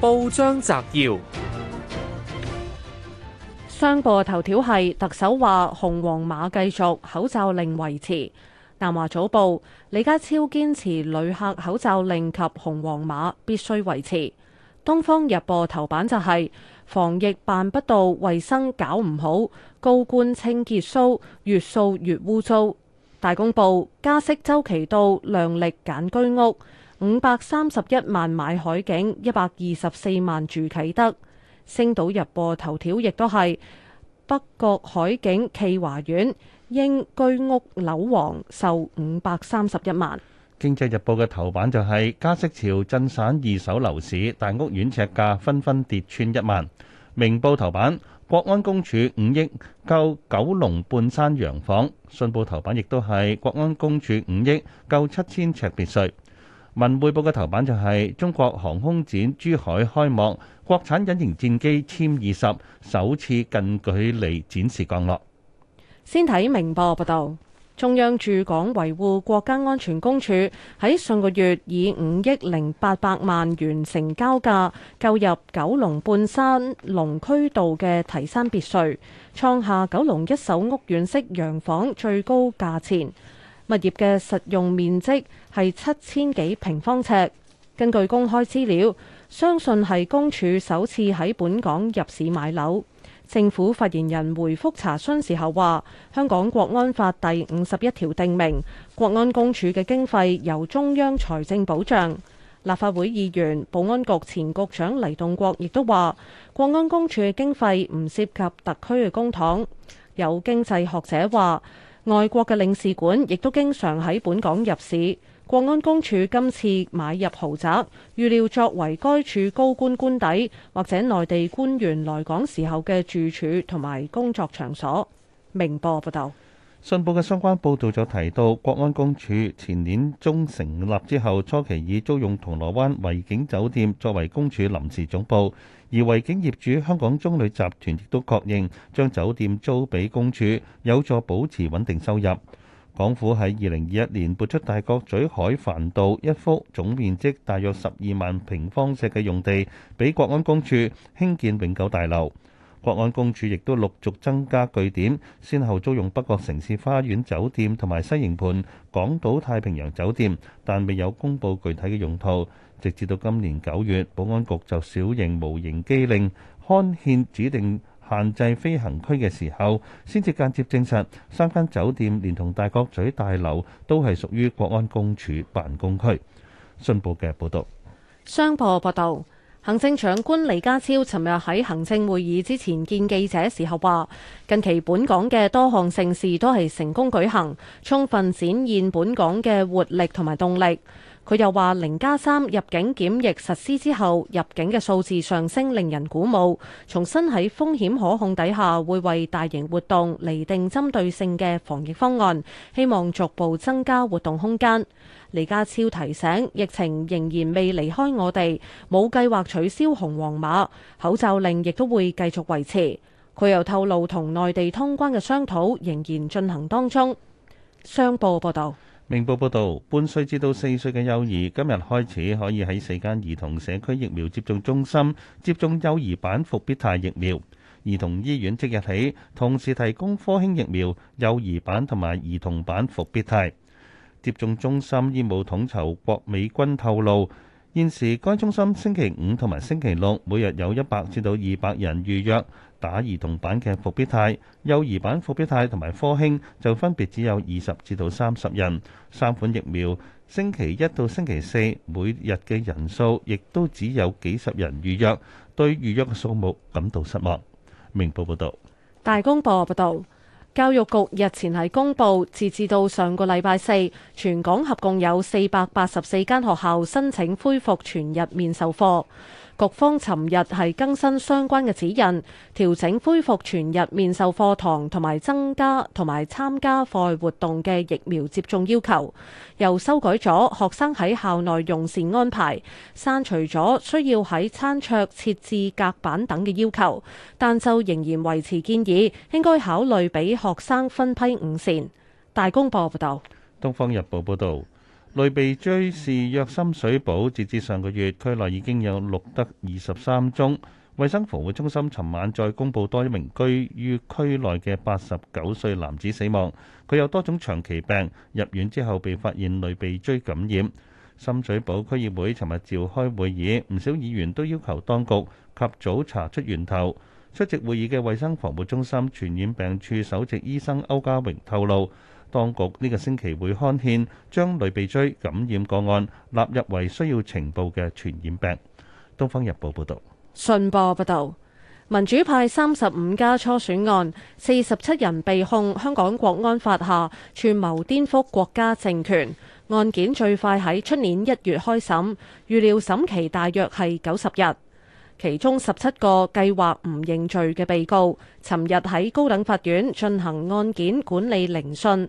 報章摘要：商報頭條係特首話紅黃碼繼續，口罩令維持。南華早報李家超堅持旅客口罩令及紅黃碼必須維持。東方日報頭版就係、是、防疫辦不到，衛生搞唔好，高官清潔騷，越掃越污糟。大公報加息周期到，量力揀居屋。五百三十一萬買海景，一百二十四萬住啟德。星島日報頭條亦都係北角海景暨華苑膺居屋樓王售五百三十一萬。經濟日報嘅頭版就係加息潮震散二手樓市，大屋苑尺價紛紛跌穿一萬。明報頭版國安公署五億購九龍半山洋房，信報頭版亦都係國安公署五億購七千尺別墅。文匯報嘅頭版就係中國航空展珠海開幕，國產隱形戰機殲二十首次近距離展示降落。先睇明報報道，中央駐港維護國家安全公署喺上個月以五億零八百萬元成交價購入九龍半山龍駒道嘅提山別墅，創下九龍一手屋苑式洋房最高價錢。物業嘅實用面積係七千幾平方尺。根據公開資料，相信係公署首次喺本港入市買樓。政府發言人回覆查詢時候話：香港國安法第五十一條訂明，國安公署嘅經費由中央財政保障。立法會議員、保安局前局長黎棟國亦都話：國安公署嘅經費唔涉及特區嘅公帑。有經濟學者話，外國嘅領事館亦都經常喺本港入市。國安公署今次買入豪宅，預料作為該處高官官邸或者內地官員來港時候嘅住處同埋工作場所。明報、啊、報道。信報嘅相關報導就提到，國安公署前年中成立之後，初期已租用銅鑼灣維景酒店作為公署臨時總部，而維景業主香港中旅集團亦都確認將酒店租俾公署，有助保持穩定收入。港府喺二零二一年撥出大角咀海帆道一幅總面積大約十二萬平方尺嘅用地，俾國安公署興建永久大樓。國安公署亦都陸續增加據點，先後租用北角城市花園酒店同埋西營盤港島太平洋酒店，但未有公布具體嘅用途。直至到今年九月，保安局就小型無人機令刊憲指定限制飛行區嘅時候，先至間接證實三間酒店連同大角咀大樓都係屬於國安公署辦公區。信報嘅報道，商報報道。行政長官李家超尋日喺行政會議之前見記者時候話：近期本港嘅多項盛事都係成功舉行，充分展現本港嘅活力同埋動力。佢又話：零加三入境檢疫實施之後，入境嘅數字上升，令人鼓舞。重新喺風險可控底下，會為大型活動釐定針對性嘅防疫方案，希望逐步增加活動空間。李家超提醒：疫情仍然未離開我哋，冇計劃取消紅黃碼，口罩令亦都會繼續維持。佢又透露，同內地通關嘅商討仍然進行當中。商報報道。明報報導，半歲至到四歲嘅幼兒今日開始可以喺四間兒童社區疫苗接種中心接種幼兒版復必泰疫苗。兒童醫院即日起同時提供科興疫苗幼兒版同埋兒童版復必泰。接種中心醫務統籌郭美君透露，現時該中心星期五同埋星期六每日有一百至到二百人預約。打兒童版嘅復必泰、幼兒版復必泰同埋科興就分別只有二十至到三十人，三款疫苗星期一到星期四每日嘅人數亦都只有幾十人預約，對預約嘅數目感到失望。明報報道。大公報報道，教育局日前係公布，截至到上個禮拜四，全港合共有四百八十四間學校申請恢復全日面授課。局方尋日係更新相關嘅指引，調整恢復全日面授課堂同埋增加同埋參加課外活動嘅疫苗接種要求，又修改咗學生喺校內用膳安排，刪除咗需要喺餐桌設置隔板等嘅要求，但就仍然維持建議應該考慮俾學生分批午膳。大公報報道。《東方日報》報導。類鼻疽肆虐深水埗，截至上個月，區內已經有錄得二十三宗。衛生防護中心尋晚再公布多一名居於區內嘅八十九歲男子死亡，佢有多種長期病，入院之後被發現類鼻疽感染。深水埗區議會尋日召開會議，唔少議員都要求當局及早查出源頭。出席會議嘅衛生防護中心傳染病處首席醫生歐家榮透露。當局呢個星期會刊憲，將類鼻疽感染個案納入為需要情報嘅傳染病。東方日報報道。信報報道，民主派三十五家初選案，四十七人被控香港國安法下串謀顛覆國家政權案件，最快喺出年一月開審，預料審期大約係九十日。其中十七個計劃唔認罪嘅被告，尋日喺高等法院進行案件管理聆訊。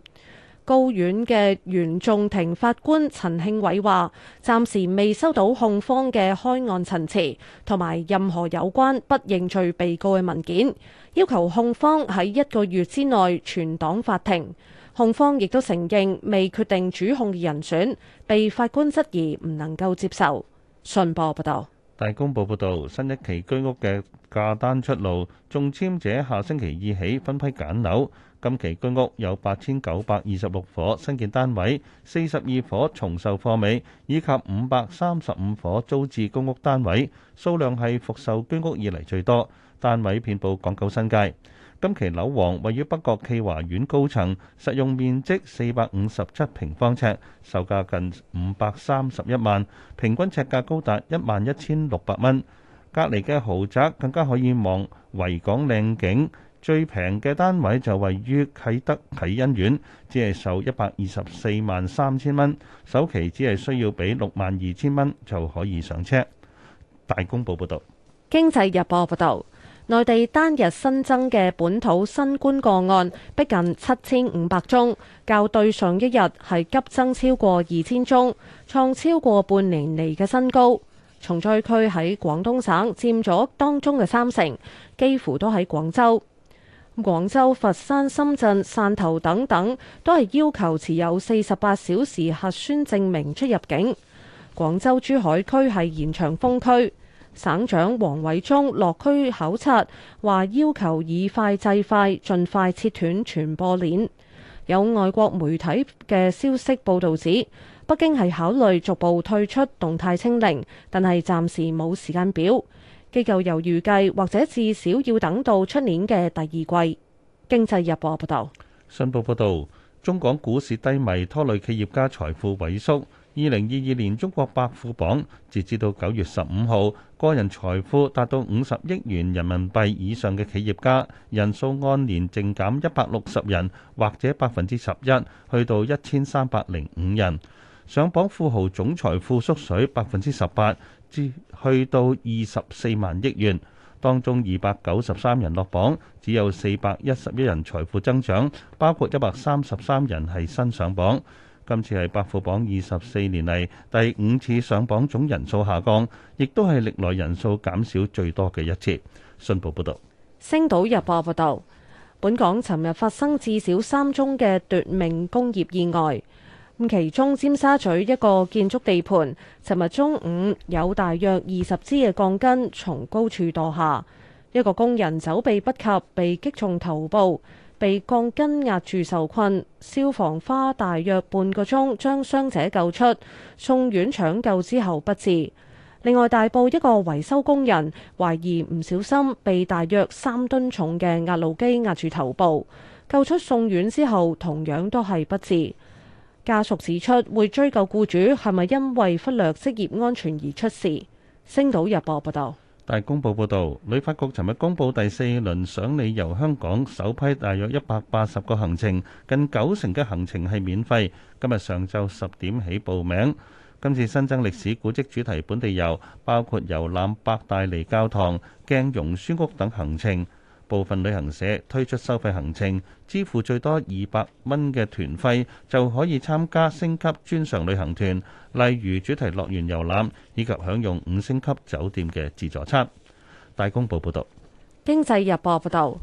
高院嘅原訟庭法官陳慶偉話，暫時未收到控方嘅開案陳詞同埋任何有關不認罪被告嘅文件，要求控方喺一個月之內存檔法庭。控方亦都承認未決定主控嘅人選，被法官質疑唔能夠接受。信報報道。大公報報導，新一期居屋嘅價單出爐，中籤者下星期二起分批揀樓。今期居屋有八千九百二十六伙新建單位，四十二伙重售貨尾，以及五百三十五伙租置公屋單位，數量係復售居屋以嚟最多，單位遍佈港九新界。今期樓王位於北角暨華苑高層，實用面積四百五十七平方尺，售價近五百三十一萬，平均尺價高達一萬一千六百蚊。隔離嘅豪宅更加可以望維港靚景，最平嘅單位就位於啟德啟恩苑，只係售一百二十四萬三千蚊，首期只係需要俾六萬二千蚊就可以上車。大公報報導。經濟日報報導。內地單日新增嘅本土新冠個案逼近七千五百宗，較對上一日係急增超過二千宗，創超過半年嚟嘅新高。重災區喺廣東省，佔咗當中嘅三成，幾乎都喺廣州。廣州、佛山、深圳、汕頭等等，都係要求持有四十八小時核酸證明出入境。廣州珠海區係延長封區。省長王偉中落區考察，話要求以快制快，盡快切斷傳播鏈。有外國媒體嘅消息報道指，北京係考慮逐步退出動態清零，但係暫時冇時間表。機構又預計，或者至少要等到出年嘅第二季。經濟日報報道，信報報道，中港股市低迷，拖累企業家財富萎縮。二零二二年中國百富榜，截至到九月十五號，個人財富達到五十億元人民幣以上嘅企業家人數按年淨減一百六十人，或者百分之十一，去到一千三百零五人。上榜富豪總財富縮水百分之十八，至去到二十四萬億元。當中二百九十三人落榜，只有四百一十一人財富增長，包括一百三十三人係新上榜。今次係百富榜二十四年嚟第五次上榜總人數下降，亦都係歷來人數減少最多嘅一次。信報報道：《星島日報》報道，本港尋日發生至少三宗嘅奪命工業意外，其中尖沙咀一個建築地盤，尋日中午有大約二十支嘅鋼筋從高處墮下，一個工人走避不及，被擊中頭部。被鋼筋壓住受困，消防花大約半個鐘將傷者救出，送院搶救之後不治。另外，大埔一個維修工人懷疑唔小心被大約三噸重嘅壓路機壓住頭部，救出送院之後同樣都係不治。家屬指出，會追究僱主係咪因為忽略職業安全而出事。星島日報報道。大公報報導，旅發局尋日公佈第四輪賞你遊香港首批大約一百八十個行程，近九成嘅行程係免費。今日上晝十點起報名。今次新增歷史古蹟主題本地遊，包括遊覽伯大尼教堂、鏡蓉書屋等行程。部分旅行社推出收費行程，支付最多二百蚊嘅團費就可以參加升級專上旅行團，例如主題樂園遊覽以及享用五星級酒店嘅自助餐。大公報報道，經濟日報報道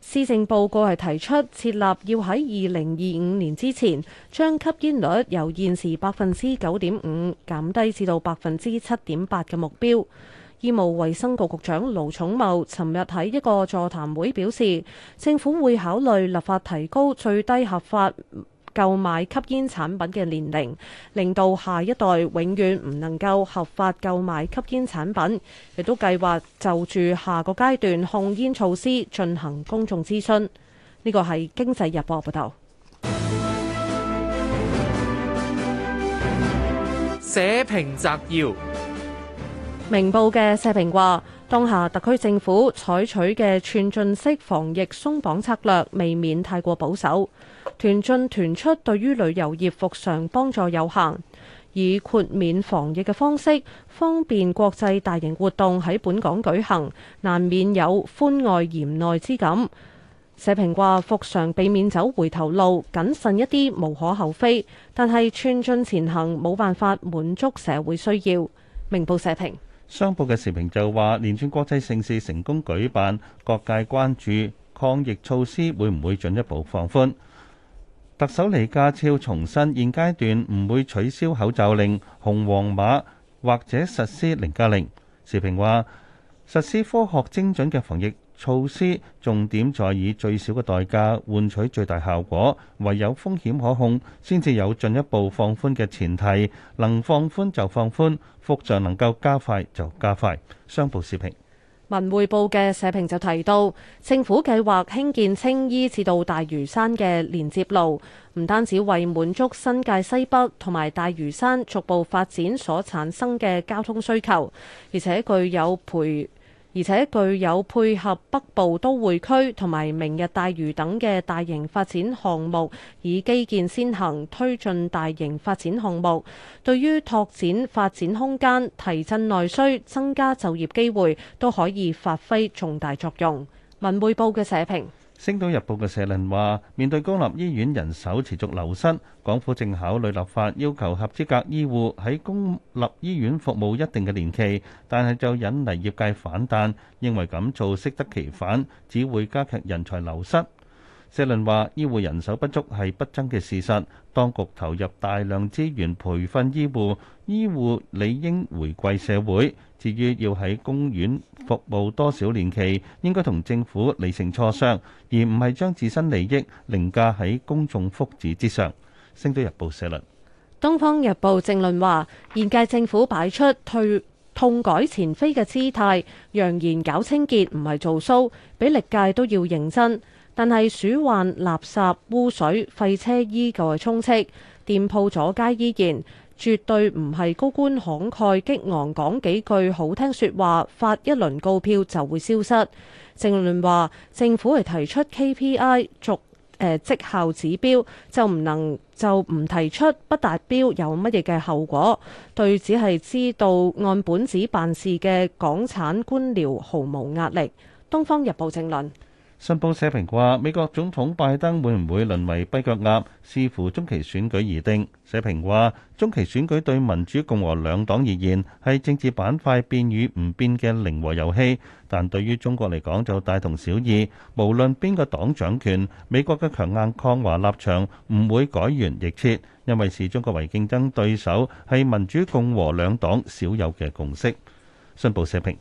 施政報告係提出設立要喺二零二五年之前，將吸煙率由現時百分之九點五減低至到百分之七點八嘅目標。醫務衛生局局長盧寵茂尋日喺一個座談會表示，政府會考慮立法提高最低合法購買吸煙產品嘅年齡，令到下一代永遠唔能夠合法購買吸煙產品。亦都計劃就住下個階段控煙措施進行公眾諮詢。呢個係《經濟日報》報道。社評摘要。明報嘅社評話：當下特區政府採取嘅寸進式防疫鬆綁策略，未免太過保守，團進團出對於旅遊業復常幫助有限。以豁免防疫嘅方式方便國際大型活動喺本港舉行，難免有寬外嚴內之感。社評話：復常避免走回頭路，謹慎一啲無可厚非，但係寸進前行冇辦法滿足社會需要。明報社評。商報嘅時評就話，連串國際盛事成功舉辦，各界關注抗疫措施會唔會進一步放寬。特首李家超重申，現階段唔會取消口罩令、紅黃碼或者實施零加零。時評話，實施科學精準嘅防疫。措施重點在以最少嘅代價換取最大效果，唯有風險可控，先至有進一步放寬嘅前提。能放寬就放寬，復常能夠加快就加快。商報社評、文匯報嘅社評就提到，政府計劃興建青衣至到大嶼山嘅連接路，唔單止為滿足新界西北同埋大嶼山逐步發展所產生嘅交通需求，而且具有培而且具有配合北部都會區同埋明日大嶼等嘅大型發展項目，以基建先行推進大型發展項目，對於拓展發展空間、提振內需、增加就業機會，都可以發揮重大作用。文匯報嘅社評。《星島日報》嘅社論話：面對公立醫院人手持續流失，港府正考慮立法要求合資格醫護喺公立醫院服務一定嘅年期，但係就引嚟業界反彈，認為咁做適得其反，只會加劇人才流失。社論話：醫護人手不足係不爭嘅事實，當局投入大量資源培訓醫護，醫護理應回饋社會。至於要喺公院服務多少年期，應該同政府理性磋商，而唔係將自身利益凌駕喺公眾福祉之上。《星島日報》社論。《東方日報》正論話：現屆政府擺出退痛改前非嘅姿態，揚言搞清潔唔係做 show，比歷屆都要認真。但係鼠患、垃圾、污水、廢車，依舊係充斥；店鋪阻街依然，絕對唔係高官慷慨激昂講幾句好聽説話，發一輪告票就會消失。政論話，政府係提出 KPI 逐誒、呃、績效指標，就唔能就唔提出不達標有乜嘢嘅後果，對只係知道按本子辦事嘅港產官僚毫無壓力。《東方日報》政論。《信報》社評話：美國總統拜登會唔會淪為跛腳鴨，視乎中期選舉而定。社評話：中期選舉對民主共和兩黨而言，係政治板塊變與唔變嘅零和遊戲，但對於中國嚟講就大同小異。無論邊個黨掌權，美國嘅強硬抗華立場唔會改弦易轍，因為視中國為競爭對手，係民主共和兩黨少有嘅共識。《信報》社評。